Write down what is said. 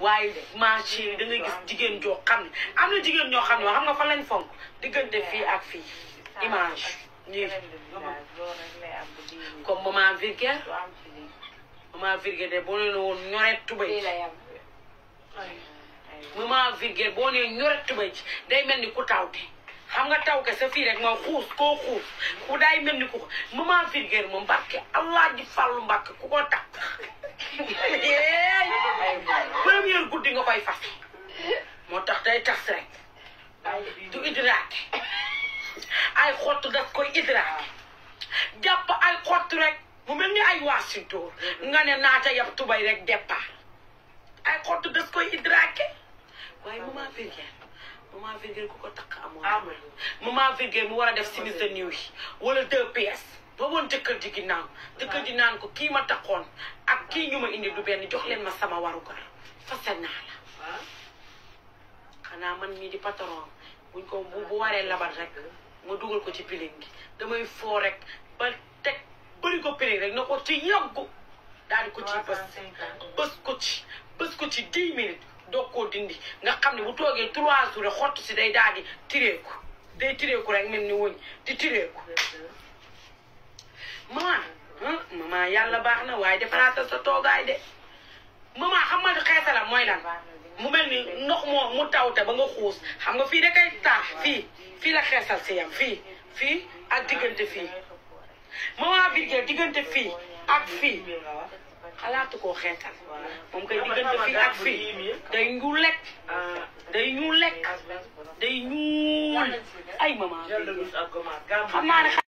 waaye marché yi da gis jigéen joo xam ne am na jigéen ñoo xam ne xam nga fan lañ fonk diggante fii ak fii image nii comme maman Virgile maman Virgile de boo boo nee ñoret tubay ci day mel ni ku taw tawte xam nga taw ke sa fii rek moo xuus koo xuus ku day mel ni ku maman Virgile moom barke Allah di fàllu mbàkk ku ko takk guddi nga koy fas moo tax day tas rek du hydraté ay xottu daf koy hydraté jàpp ay xottu rek mu mel ni ay waasintóor nga ne naata yab tubay rek départ ay xottu daf koy hydraté waaye maman Virgile maman Virgile ku ko takk amoon maman Virgile mu war a def simis de nuit wala deux pièces ba woon jëkkër ji ginnaaw jëkkër naan ko kii ma taxoon ak kii ñu ma indi du benn jox leen ma sama warugar fase naa la xanaa man mii di patron buñ ko bu waree labat rek ma dugal ko ci piling gi damay foo rek ba teg bëri ko piling rek na ko ci yàggu daal di ko ci bës bës ko ci bës ko ci dix doo doog dindi nga xam ne bu toogee trois jours xott si day daal di tireeku day tireeku rek mel ni wëñ di tireeku maman ah yàlla baax na waaye defaraatal sa toogaay de mama xam nga xeesala mooy lan mu mel ni ndox moo mu taw te ba nga xuus xam nga fii da kay taax fii fii la xeesal si yam fii fii ak diggante fii maman Birgel diggante fii ak fii xalaatu koo xeetal moom kay diggante fii day ñu lekk day ñu lekk day ñuul ay maman xam naa ne